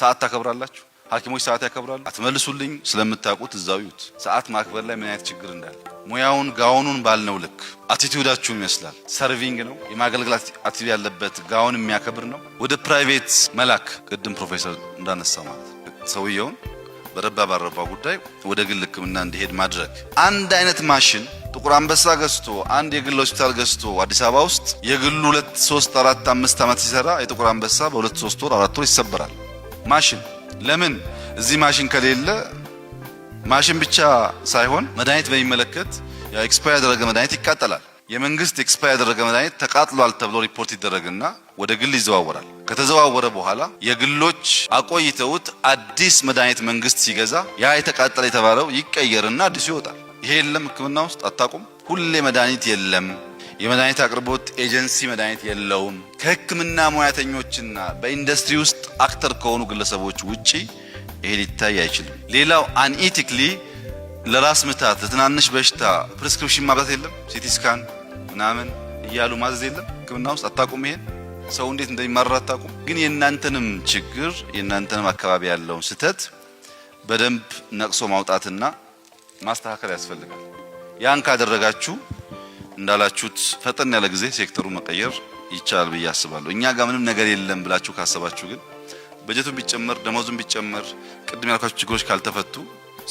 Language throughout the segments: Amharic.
ሰዓት ታከብራላችሁ? ሐኪሞች ሰዓት ያከብራሉ? አትመልሱልኝ። ስለምታውቁት እዛው ይዩት። ሰዓት ማክበር ላይ ምን አይነት ችግር እንዳለ ሙያውን ጋውኑን ባልነው ልክ አቲቲዩዳችሁም ይመስላል። ሰርቪንግ ነው የማገልገል አቲቲዩድ ያለበት ጋውን የሚያከብር ነው። ወደ ፕራይቬት መላክ ቅድም ፕሮፌሰር እንዳነሳ ማለት ሰውየውን በረባ ባረባ ጉዳይ ወደ ግል ሕክምና እንዲሄድ ማድረግ አንድ አይነት ማሽን ጥቁር አንበሳ ገዝቶ አንድ የግል ሆስፒታል ገዝቶ አዲስ አበባ ውስጥ የግሉ ሁለት ሶስት አራት አምስት ዓመት ሲሰራ የጥቁር አንበሳ በሁለት ሶስት ወር አራት ወር ይሰበራል። ማሽን ለምን እዚህ ማሽን ከሌለ ማሽን ብቻ ሳይሆን መድኃኒት በሚመለከት ኤክስፓየር ያደረገ መድኃኒት ይቃጠላል። የመንግስት ኤክስፓየር ያደረገ መድኃኒት ተቃጥሏል ተብሎ ሪፖርት ይደረግና ወደ ግል ይዘዋወራል። ከተዘዋወረ በኋላ የግሎች አቆይተውት አዲስ መድኃኒት መንግስት ሲገዛ ያ የተቃጠለ የተባለው ይቀየርና አዲሱ ይወጣል። ይሄ የለም ሕክምና ውስጥ አታቁም። ሁሌ መድኃኒት የለም የመድኃኒት አቅርቦት ኤጀንሲ መድኃኒት የለውም። ከህክምና ሙያተኞችና በኢንዱስትሪ ውስጥ አክተር ከሆኑ ግለሰቦች ውጪ ይሄ ሊታይ አይችልም። ሌላው አንኢቲክሊ ለራስ ምታት፣ ለትናንሽ በሽታ ፕሪስክሪፕሽን ማብዛት የለም። ሲቲ ስካን ምናምን እያሉ ማዘዝ የለም። ህክምና ውስጥ አታቁም። ይሄን ሰው እንዴት እንደሚማረር አታቁም። ግን የእናንተንም ችግር የእናንተንም አካባቢ ያለውን ስህተት በደንብ ነቅሶ ማውጣትና ማስተካከል ያስፈልጋል። ያን ካደረጋችሁ እንዳላችሁት ፈጠን ያለ ጊዜ ሴክተሩ መቀየር ይቻላል ብዬ አስባለሁ። እኛ ጋር ምንም ነገር የለም ብላችሁ ካሰባችሁ ግን በጀቱን ቢጨመር ደሞዙን ቢጨመር ቅድም ያልኳቸው ችግሮች ካልተፈቱ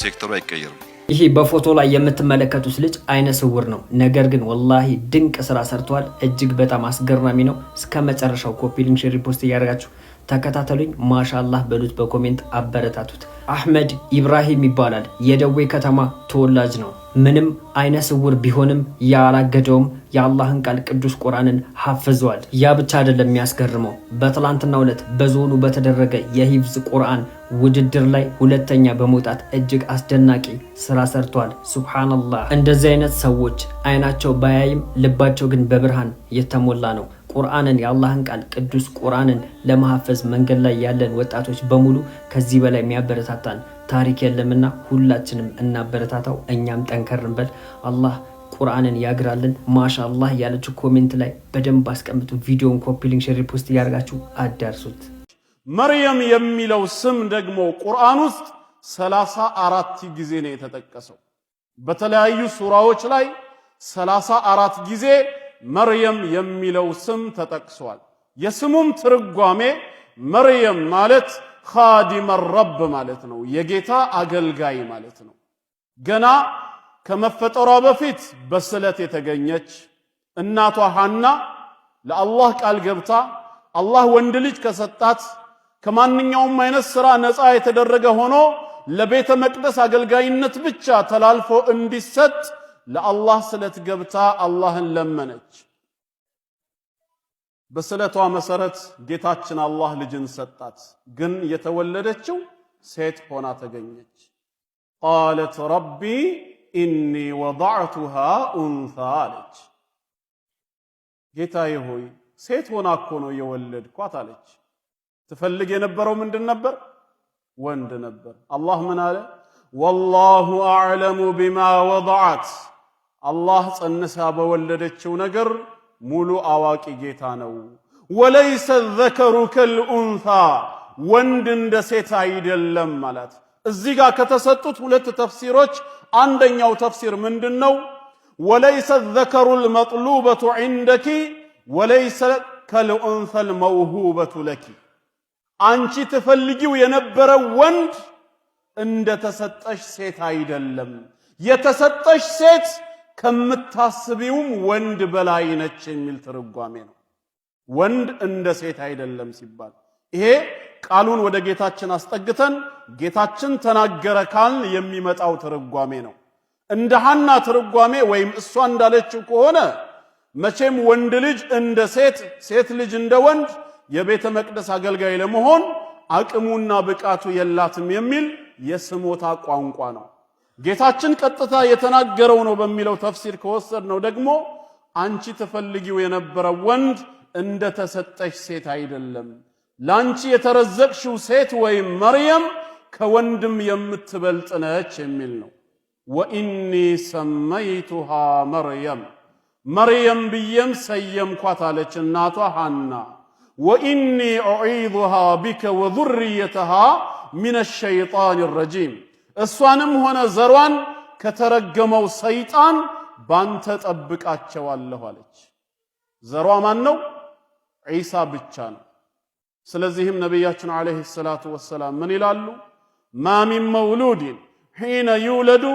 ሴክተሩ አይቀየርም። ይሄ በፎቶ ላይ የምትመለከቱት ልጅ አይነ ስውር ነው። ነገር ግን ወላሂ ድንቅ ስራ ሰርተዋል። እጅግ በጣም አስገራሚ ነው። እስከ መጨረሻው ኮፒ ሊንክ፣ ሼር፣ ሪፖስት እያደረጋችሁ ተከታተሉኝ። ማሻላህ በሉት፣ በኮሜንት አበረታቱት። አህመድ ኢብራሂም ይባላል። የደዌ ከተማ ተወላጅ ነው። ምንም አይነ ስውር ቢሆንም ያላገደውም የአላህን ቃል ቅዱስ ቁርአንን ሐፍዟል። ያ ብቻ አይደለም የሚያስገርመው፣ በትላንትናው ዕለት በዞኑ በተደረገ የሂፍዝ ቁርአን ውድድር ላይ ሁለተኛ በመውጣት እጅግ አስደናቂ ስራ ሰርቷል። ሱብሃነላህ። እንደዚህ አይነት ሰዎች አይናቸው ባያይም ልባቸው ግን በብርሃን የተሞላ ነው። ቁርአንን የአላህን ቃል ቅዱስ ቁርአንን ለማሐፈዝ መንገድ ላይ ያለን ወጣቶች በሙሉ ከዚህ በላይ የሚያበረታታን ታሪክ የለምና ሁላችንም እናበረታታው፣ እኛም ጠንከርንበል። አላህ ቁርአንን ያግራልን። ማሻአላህ ያለች ኮሜንት ላይ በደንብ አስቀምጡ። ቪዲዮን ኮፒሊንግ ሼር ፖስት እያደርጋችሁ አዳርሱት። መርየም የሚለው ስም ደግሞ ቁርአን ውስጥ ሰላሳ አራት ጊዜ ነው የተጠቀሰው። በተለያዩ ሱራዎች ላይ ሰላሳ አራት ጊዜ መርየም የሚለው ስም ተጠቅሷል። የስሙም ትርጓሜ መርየም ማለት ኻዲመ ረብ ማለት ነው፣ የጌታ አገልጋይ ማለት ነው። ገና ከመፈጠሯ በፊት በስለት የተገኘች እናቷ ሐና ለአላህ ቃል ገብታ አላህ ወንድ ልጅ ከሰጣት ከማንኛውም አይነት ሥራ ነፃ የተደረገ ሆኖ ለቤተ መቅደስ አገልጋይነት ብቻ ተላልፎ እንዲሰጥ ለአላህ ስለት ገብታ አላህን ለመነች። በስለቷ መሰረት ጌታችን አላህ ልጅን ሰጣት። ግን የተወለደችው ሴት ሆና ተገኘች። ቃለት ረቢ ኢኒ ወضዕቱሃ ኡንሳ አለች። ጌታዬ ሆይ ሴት ሆና እኮ ነው የወለድኳት አለች። ትፈልግ የነበረው ምንድን ነበር? ወንድ ነበር። አላህ ምን አለ? ወላሁ አዕለሙ ቢማ ወضዐት አላህ ጸንሳ በወለደችው ነገር ሙሉ አዋቂ ጌታ ነው። ወለይሰ ዘከሩ ከልኡንሳ ወንድ እንደ ሴት አይደለም ማለት። እዚህ ጋር ከተሰጡት ሁለት ተፍሲሮች አንደኛው ተፍሲር ምንድን ነው? ወለይሰ ዘከሩ ልመጥሉበቱ ዒንደኪ ወለይሰ ከልኡንሳ ልመውሁበቱ ለኪ፣ አንቺ ትፈልጊው የነበረው ወንድ እንደ ተሰጠሽ ሴት አይደለም። የተሰጠሽ ሴት ከምታስቢውም ወንድ በላይ ነች የሚል ትርጓሜ ነው። ወንድ እንደ ሴት አይደለም ሲባል ይሄ ቃሉን ወደ ጌታችን አስጠግተን ጌታችን ተናገረ ካልን የሚመጣው ትርጓሜ ነው። እንደ ሐና ትርጓሜ ወይም እሷ እንዳለችው ከሆነ መቼም ወንድ ልጅ እንደ ሴት፣ ሴት ልጅ እንደ ወንድ የቤተ መቅደስ አገልጋይ ለመሆን አቅሙና ብቃቱ የላትም የሚል የስሞታ ቋንቋ ነው። ጌታችን ቀጥታ የተናገረው ነው በሚለው ተፍሲር ከወሰድ ነው ደግሞ አንቺ ትፈልጊው የነበረ ወንድ እንደ ተሰጠሽ ሴት አይደለም። ላንቺ የተረዘቅሽው ሴት ወይም መርየም ከወንድም የምትበልጥ ነች የሚል ነው። ወኢኒ ሰመይቱሃ መርየም መርየም ብዬም ሰየምኳት አለች እናቷ ሐና። ወኢኒ ኡዒዙሃ ቢከ ወዙርየተሃ ሚነ ሸይጣን ረጂም እሷንም ሆነ ዘሯን ከተረገመው ሰይጣን ባንተ ጠብቃቸዋለሁ አለች። ዘሯ ማን ነው? ዒሳ ብቻ ነው። ስለዚህም ነቢያችን ዓለይሂ ሰላቱ ወሰላም ምን ይላሉ? ማ ሚን መውሉድን ሒነ ዩውለዱ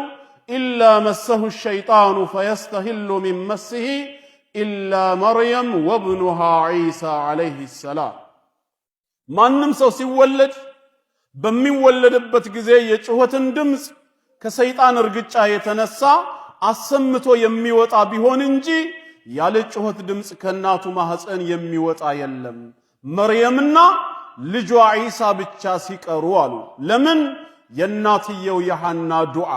ኢላ መሰሁ ሸይጣኑ ፈየስተሂሉ ሚን መስሂ ኢላ መርየም ወብኑሃ ዒሳ ዓለይሂ ሰላም። ማንም ሰው ሲወለድ በሚወለድበት ጊዜ የጩኸትን ድምፅ ከሰይጣን እርግጫ የተነሳ አሰምቶ የሚወጣ ቢሆን እንጂ ያለ ጩኸት ድምፅ ከእናቱ ማህፀን የሚወጣ የለም። መርየምና ልጇ ዒሳ ብቻ ሲቀሩ አሉ። ለምን? የእናትየው የሐና ዱዓ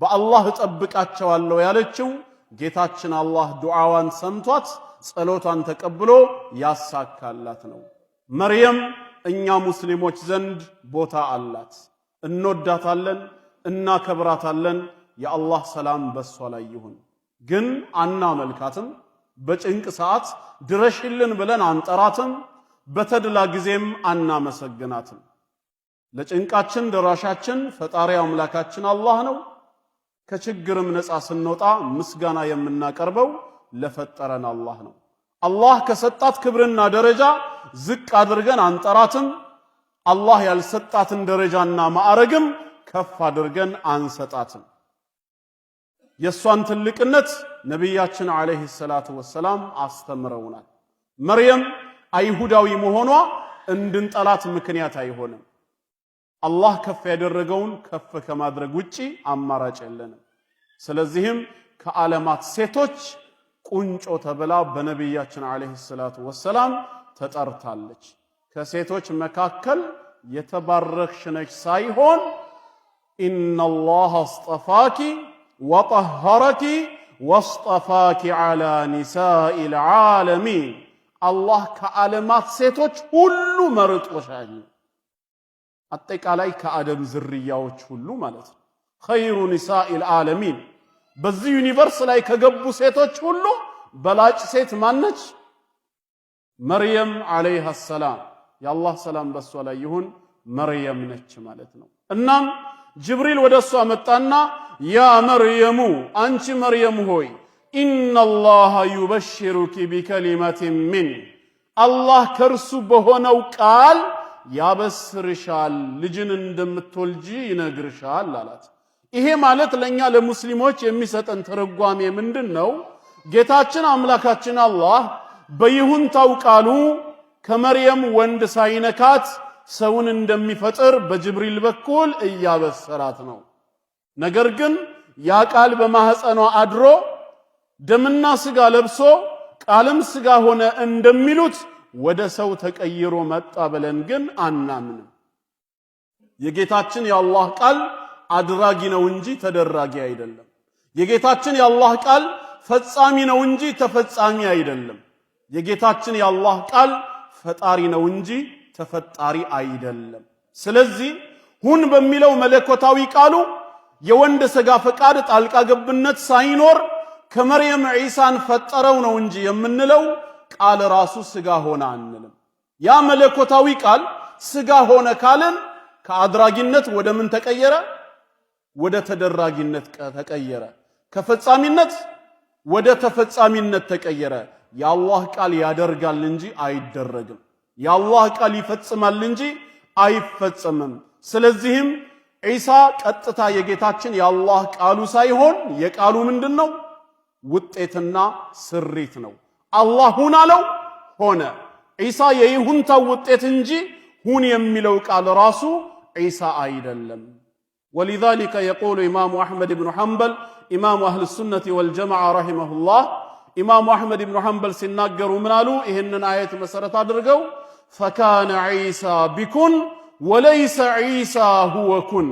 በአላህ እጠብቃቸዋለሁ ያለችው ጌታችን አላህ ዱዓዋን ሰምቷት ጸሎቷን ተቀብሎ ያሳካላት ነው። መርየም እኛ ሙስሊሞች ዘንድ ቦታ አላት። እንወዳታለን፣ እናከብራታለን። የአላህ ሰላም በሷ ላይ ይሁን። ግን አናመልካትም። በጭንቅ ሰዓት ድረሽልን ብለን አንጠራትም። በተድላ ጊዜም አናመሰግናትም። ለጭንቃችን ደራሻችን ፈጣሪ አምላካችን አላህ ነው። ከችግርም ነፃ ስንወጣ ምስጋና የምናቀርበው ለፈጠረን አላህ ነው። አላህ ከሰጣት ክብርና ደረጃ ዝቅ አድርገን አንጠራትም። አላህ ያልሰጣትን ደረጃና ማዕረግም ከፍ አድርገን አንሰጣትም። የእሷን ትልቅነት ነቢያችን ዓለይሂ ሰላቱ ወሰላም አስተምረውናል። መርየም አይሁዳዊ መሆኗ እንድንጠላት ምክንያት አይሆንም። አላህ ከፍ ያደረገውን ከፍ ከማድረግ ውጪ አማራጭ የለንም። ስለዚህም ከዓለማት ሴቶች ቁንጮ ተብላ በነቢያችን ዓለይሂ ሰላቱ ወሰላም ተጠርታለች። ከሴቶች መካከል የተባረክሽ ነች ሳይሆን ኢነላህ አስጠፋኪ ወጠሀረኪ ወስጠፋኪ ዓላ ኒሳኢል ዓለሚን አላህ ከዓለማት ሴቶች ሁሉ መርጦሻል። አጠቃላይ ከአደም ዝርያዎች ሁሉ ማለት ነው። ኸይሩ ኒሳኢል ዓለሚን በዚህ ዩኒቨርስ ላይ ከገቡ ሴቶች ሁሉ በላጭ ሴት ማነች? መርየም አለይሃ ሰላም፣ የአላህ ሰላም በሷ ላይ ይሁን መርየም ነች ማለት ነው። እናም ጅብሪል ወደ እሷ መጣና ያ መርየሙ፣ አንቺ መርየም ሆይ ኢነላሃ ዩበሽሩኪ ቢከሊመቲን ሚን፣ አላህ ከእርሱ በሆነው ቃል ያበስርሻል፣ ልጅን እንደምትወልጂ ይነግርሻል አላት። ይሄ ማለት ለእኛ ለሙስሊሞች የሚሰጠን ትርጓሜ ምንድን ነው? ጌታችን አምላካችን አላህ በይሁንታው ቃሉ ከመርየም ወንድ ሳይነካት ሰውን እንደሚፈጥር በጅብሪል በኩል እያበሰራት ነው። ነገር ግን ያ ቃል በማህፀኗ አድሮ ደምና ስጋ ለብሶ ቃልም ስጋ ሆነ እንደሚሉት ወደ ሰው ተቀይሮ መጣ ብለን ግን አናምንም። የጌታችን የአላህ ቃል አድራጊ ነው እንጂ ተደራጊ አይደለም። የጌታችን የአላህ ቃል ፈጻሚ ነው እንጂ ተፈጻሚ አይደለም። የጌታችን የአላህ ቃል ፈጣሪ ነው እንጂ ተፈጣሪ አይደለም። ስለዚህ ሁን በሚለው መለኮታዊ ቃሉ የወንድ ሥጋ ፈቃድ ጣልቃ ገብነት ሳይኖር ከመርየም ዒሳን ፈጠረው ነው እንጂ የምንለው ቃል ራሱ ሥጋ ሆነ አንልም። ያ መለኮታዊ ቃል ሥጋ ሆነ ካልን ከአድራጊነት ወደ ምን ተቀየረ? ወደ ተደራጊነት ተቀየረ። ከፈጻሚነት ወደ ተፈጻሚነት ተቀየረ። የአላህ ቃል ያደርጋል እንጂ አይደረግም። የአላህ ቃል ይፈጽማል እንጂ አይፈጸምም። ስለዚህም ዒሳ ቀጥታ የጌታችን የአላህ ቃሉ ሳይሆን የቃሉ ምንድን ነው? ውጤትና ስሪት ነው። አላህ ሁን አለው ሆነ። ዒሳ የይሁንታው ውጤት እንጂ ሁን የሚለው ቃል ራሱ ዒሳ አይደለም። ولذلك يقول إمام أحمد بن حنبل إمام أهل السنة والجماعة رحمه الله ኢማሙ አሕመድ ብኑ ሐንበል ሲናገሩ ምን አሉ? ይህንን አየት መሰረት አድርገው ፈካነ ዒሳ ቢኩን ወለይሰ ዒሳ ሁወ ኩን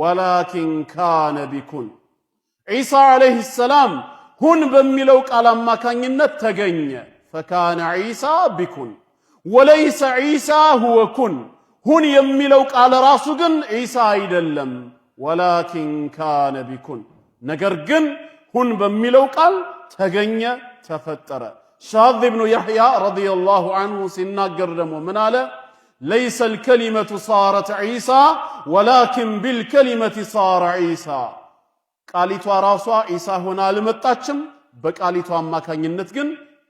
ወላኪን ካነ ቢኩን። ዒሳ ዓለይህ ሰላም ሁን በሚለው ቃል አማካኝነት ተገኘ። ፈካነ ዒሳ ቢኩን ወለይሰ ዒሳ ሁወ ኩን። ሁን የሚለው ቃል ራሱ ግን ዒሳ አይደለም። ወላኪን ካነ ቢኩን ነገር ግን ሁን በሚለው ቃል ተገኘ፣ ተፈጠረ። ሻዝ ብኑ ያሕያ ረዲየላሁ አንሁ ሲናገር ደግሞ ምን አለ? ለይሰ ልከሊመቱ ሳረት ዒሳ ወላኪን ቢልከሊመቲ ሳረ ዒሳ። ቃሊቷ ራሷ ዒሳ ሆና አልመጣችም፣ በቃሊቷ አማካኝነት ግን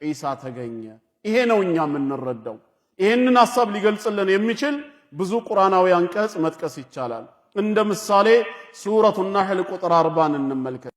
ዒሳ ተገኘ። ይሄ ነው እኛ የምንረዳው። ይህንን ሐሳብ ሊገልጽልን የሚችል ብዙ ቁርአናዊ አንቀጽ መጥቀስ ይቻላል። እንደ ምሳሌ ሱረቱ ናሕል ቁጥር አርባን እንመልከት።